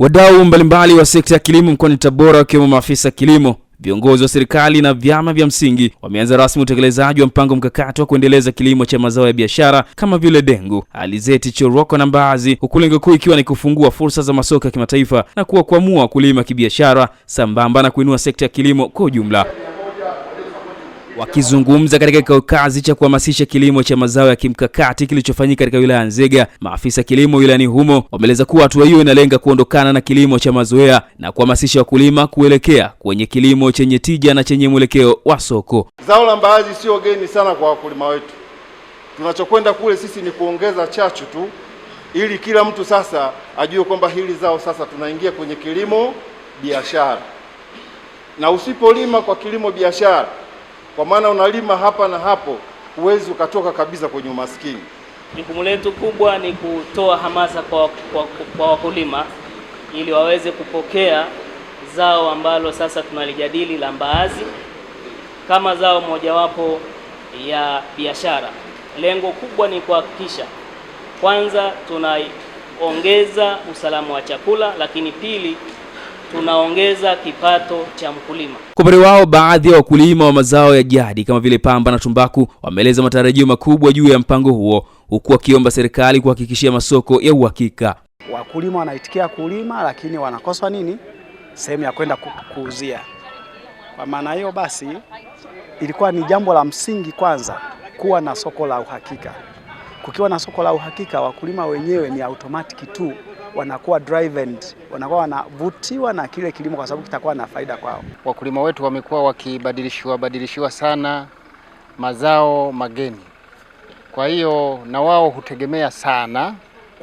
Wadau mbalimbali wa sekta ya kilimo mkoani Tabora wakiwemo maafisa kilimo, viongozi wa serikali na vyama vya msingi wameanza rasmi utekelezaji wa mpango mkakati wa kuendeleza kilimo cha mazao ya biashara kama vile dengu, alizeti, choroko na mbaazi, huku lengo kuu ikiwa ni kufungua fursa za masoko ya kimataifa na kuwakwamua wakulima kibiashara sambamba na kuinua sekta ya kilimo kwa ujumla. Wakizungumza katika kikao kazi cha kuhamasisha kilimo cha mazao ya kimkakati kilichofanyika katika wilaya Nzega, maafisa kilimo wilayani humo wameeleza kuwa hatua hiyo inalenga kuondokana na kilimo cha mazoea na kuhamasisha wakulima kuelekea kwenye kilimo chenye tija na chenye mwelekeo wa soko. Zao la mbaazi sio geni sana kwa wakulima wetu. Tunachokwenda kule sisi ni kuongeza chachu tu, ili kila mtu sasa ajue kwamba hili zao sasa tunaingia kwenye kilimo biashara, na usipolima kwa kilimo biashara kwa maana unalima hapa na hapo, huwezi ukatoka kabisa kwenye umaskini. Jukumu letu kubwa ni kutoa hamasa kwa, kwa, kwa wakulima ili waweze kupokea zao ambalo sasa tunalijadili la mbaazi kama zao mojawapo ya biashara. Lengo kubwa ni kuhakikisha kwanza tunaongeza usalama wa chakula, lakini pili tunaongeza kipato cha mkulima. Kwa upande wao, baadhi ya wa wakulima wa mazao ya jadi kama vile pamba na tumbaku wameeleza matarajio makubwa juu ya mpango huo, huku wakiomba serikali kuhakikishia masoko ya uhakika. Wakulima wanaitikia kulima, lakini wanakoswa nini? Sehemu ya kwenda kuuzia. Kwa maana hiyo basi, ilikuwa ni jambo la msingi kwanza kuwa na soko la uhakika. Kukiwa na soko la uhakika, wakulima wenyewe ni automatic tu wanakuwa driven, wanakuwa wanavutiwa na kile kilimo kwa sababu kitakuwa na faida kwao. Wakulima wetu wamekuwa wakibadilishiwa badilishiwa sana mazao mageni, kwa hiyo na wao hutegemea sana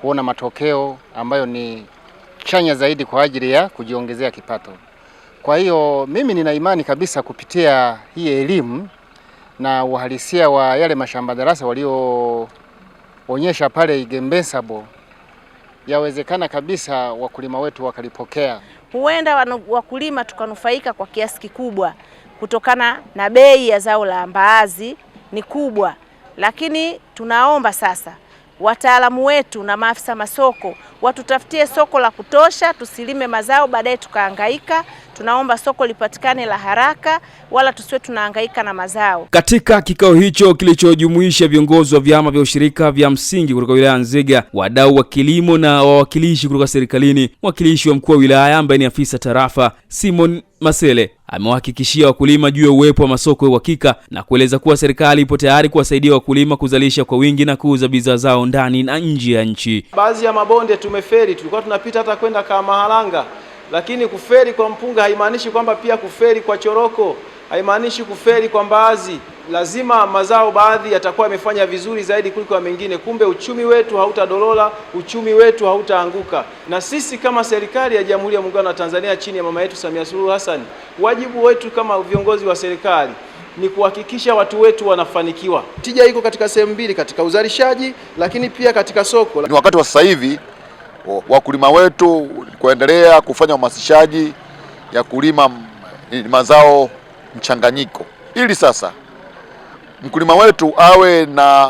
kuona matokeo ambayo ni chanya zaidi kwa ajili ya kujiongezea kipato. Kwa hiyo mimi nina imani kabisa kupitia hii elimu na uhalisia wa yale mashamba darasa walioonyesha pale Igembensabo yawezekana kabisa wakulima wetu wakalipokea. Huenda wakulima tukanufaika kwa kiasi kikubwa kutokana na bei ya zao la mbaazi ni kubwa, lakini tunaomba sasa wataalamu wetu na maafisa masoko watutafutie soko la kutosha, tusilime mazao baadaye tukahangaika. Tunaomba soko lipatikane la haraka, wala tusiwe tunahangaika na mazao. Katika kikao hicho kilichojumuisha viongozi wa vyama vya ushirika vya msingi kutoka wilaya Nzega, wadau wa kilimo na wawakilishi kutoka serikalini, mwakilishi wa mkuu wa wilaya ambaye ni afisa tarafa Simon Masele amewahakikishia wakulima juu ya uwepo wa masoko ya uhakika na kueleza kuwa serikali ipo tayari kuwasaidia wakulima kuzalisha kwa wingi na kuuza bidhaa zao ndani na nje ya nchi. Baadhi ya mabonde tumeferi. Tulikuwa tunapita hata kwenda Kamahalanga, lakini kuferi kwa mpunga haimaanishi kwamba pia kuferi kwa choroko, haimaanishi kuferi kwa mbaazi. Lazima mazao baadhi yatakuwa yamefanya vizuri zaidi kuliko mengine. Kumbe uchumi wetu hautadolola, uchumi wetu hautaanguka. Na sisi kama serikali ya Jamhuri ya Muungano wa Tanzania chini ya mama yetu Samia Suluhu Hassan, wajibu wetu kama viongozi wa serikali ni kuhakikisha watu wetu wanafanikiwa. Tija iko katika sehemu mbili, katika uzalishaji, lakini pia katika soko. Ni wakati wa sasa hivi wakulima wetu kuendelea kufanya uhamasishaji ya kulima mazao mchanganyiko, ili sasa mkulima wetu awe na,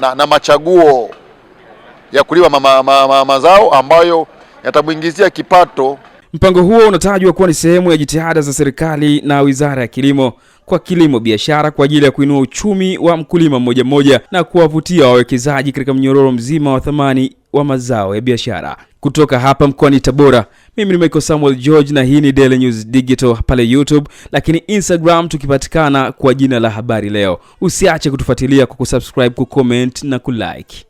na, na machaguo ya kulima ma, ma, ma, ma, mazao ambayo yatamwingizia kipato. Mpango huo unatajwa kuwa ni sehemu ya jitihada za serikali na Wizara ya Kilimo kwa kilimo biashara kwa ajili ya kuinua uchumi wa mkulima mmoja mmoja na kuwavutia wawekezaji katika mnyororo mzima wa thamani wa mazao ya biashara. Kutoka hapa mkoani Tabora, mimi ni Michael Samuel George na hii ni Daily News Digital pale YouTube, lakini Instagram tukipatikana kwa jina la Habari Leo. Usiache kutufuatilia kwa kusubscribe, kucomment na kulike.